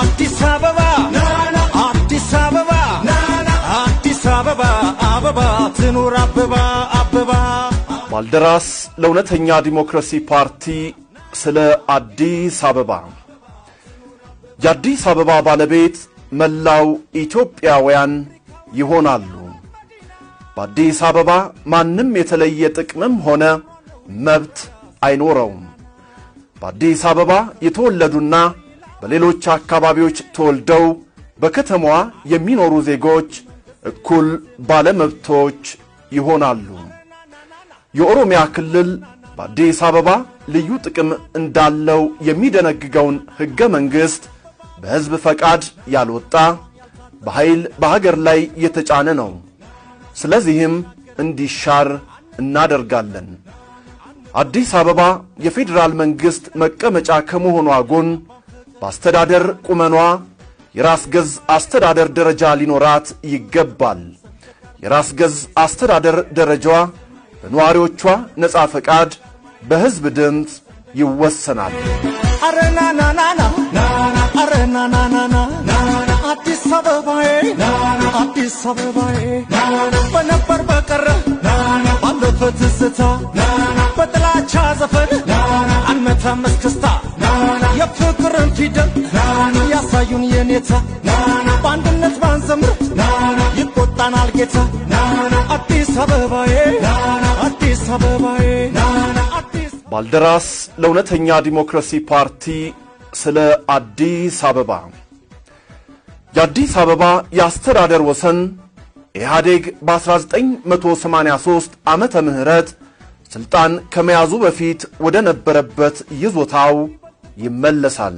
አዲስ አበባ አዲስ አበባ አዲስ አበባ አበባ ትኑር አበባ አበባ። ባልደራስ ለእውነተኛ ዲሞክራሲ ፓርቲ ስለ አዲስ አበባ የአዲስ አበባ ባለቤት መላው ኢትዮጵያውያን ይሆናሉ። በአዲስ አበባ ማንም የተለየ ጥቅምም ሆነ መብት አይኖረውም። በአዲስ አበባ የተወለዱና በሌሎች አካባቢዎች ተወልደው በከተማዋ የሚኖሩ ዜጎች እኩል ባለመብቶች ይሆናሉ። የኦሮሚያ ክልል በአዲስ አበባ ልዩ ጥቅም እንዳለው የሚደነግገውን ሕገ መንግሥት በሕዝብ ፈቃድ ያልወጣ በኃይል በሀገር ላይ የተጫነ ነው። ስለዚህም እንዲሻር እናደርጋለን። አዲስ አበባ የፌዴራል መንግሥት መቀመጫ ከመሆኗ ጎን በአስተዳደር ቁመኗ የራስ ገዝ አስተዳደር ደረጃ ሊኖራት ይገባል። የራስ ገዝ አስተዳደር ደረጃዋ በነዋሪዎቿ ነፃ ፈቃድ በሕዝብ ድምፅ ይወሰናል። አበባዬ አዲስ አበባዬ በነበር በቀረ ባለፈ ትዝታ በጥላቻ ዘፈን አንመታመስ ክስታ የፍቅርን ፊደል ያሳዩን የኔታ በአንድነት ባንዘምር ይቆጣናል ጌታ አዲስ አበባዬ አዲስ አበባዬ ባልደራስ ለእውነተኛ ዲሞክራሲ ፓርቲ ስለ አዲስ አበባ የአዲስ አበባ የአስተዳደር ወሰን ኢህአዴግ በ1983 ዓመተ ምህረት ስልጣን ከመያዙ በፊት ወደ ነበረበት ይዞታው ይመለሳል።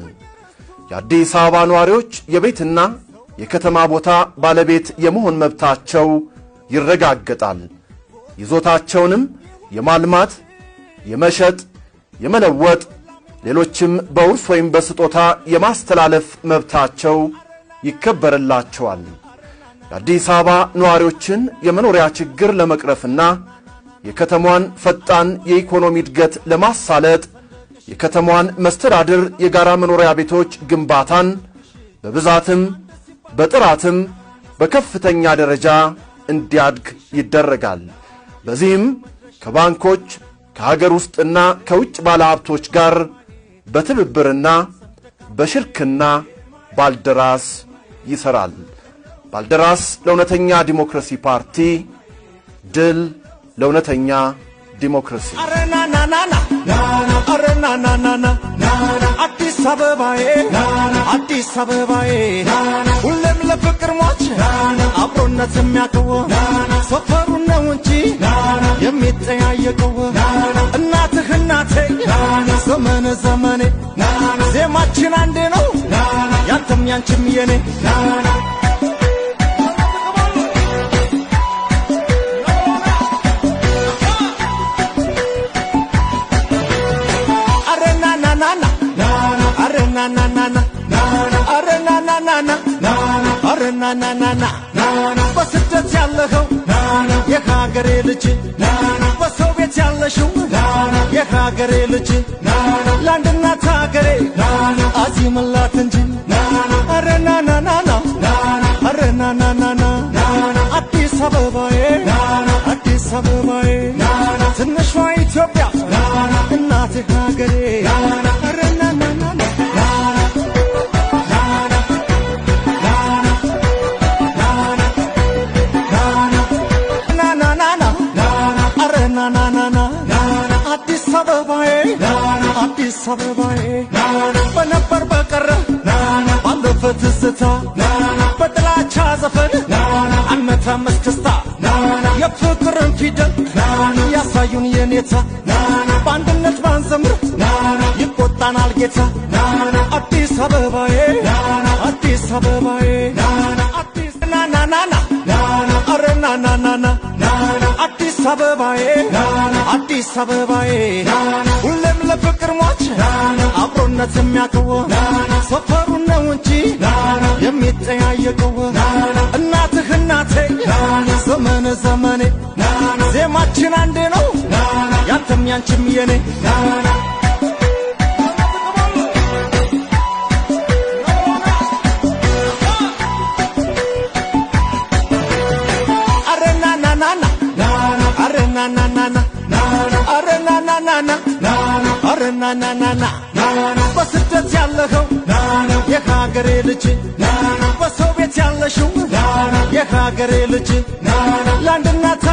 የአዲስ አበባ ነዋሪዎች የቤትና የከተማ ቦታ ባለቤት የመሆን መብታቸው ይረጋገጣል። ይዞታቸውንም የማልማት፣ የመሸጥ፣ የመለወጥ ሌሎችም በውርስ ወይም በስጦታ የማስተላለፍ መብታቸው ይከበርላቸዋል። የአዲስ አበባ ነዋሪዎችን የመኖሪያ ችግር ለመቅረፍና የከተማዋን ፈጣን የኢኮኖሚ እድገት ለማሳለጥ የከተማዋን መስተዳድር የጋራ መኖሪያ ቤቶች ግንባታን በብዛትም በጥራትም በከፍተኛ ደረጃ እንዲያድግ ይደረጋል። በዚህም ከባንኮች ከሀገር ውስጥና ከውጭ ባለሀብቶች ጋር በትብብርና በሽርክና ባልደራስ ይሰራል። ባልደራስ ለእውነተኛ ዲሞክራሲ ፓርቲ ድል ለእውነተኛ ዲሞክራሲ አዲስ አበባዬ አዲስ አበባዬ ሁሌም ለፍቅር ሟች አብሮነት የሚያከው ሰፈሩ ነው እንጂ የሚጠያየቀው እናትህ እናቴ ዘመን ዘመኔ ዜማችን አንድ ነው። ያንቺም የኔ ናና በስደት ያለኸው የሀገሬ ልጅ በሰው ቤት ያለሽው የሀገሬ ልጅ ለአንድነት ሀገሬ አዚምላት እንጂ አበባዬ አዲስ አበባዬ ትንሿ ኢትዮጵያ እናቴ ሀገሬ አዲስ አበባዬ አዲስ አበባዬ የሚያመች ደስታ የፍቅርን ፊደል ያሳዩን የኔታ በአንድነት ባንዘምር ይቆጣናል ጌታ አዲስ አበባዬ አዲስ አበባዬ ናናናና አረ ናናናና አዲስ አበባዬ አዲስ አበባዬ ሁሌም ለፍቅር ሟች አብሮነት የሚያከወ ሰፈሩን ነው እንጂ የሚጠያየቀው እናትህ እናቴ ዘመነ ዘመኔ ዜማችን አንድ ነው ያንተም ያንችም የኔ ናናናና በስደት ያለኸው የሀገሬ ልጅ ያለሽው የሀገሬ ልጅ ለአንድነት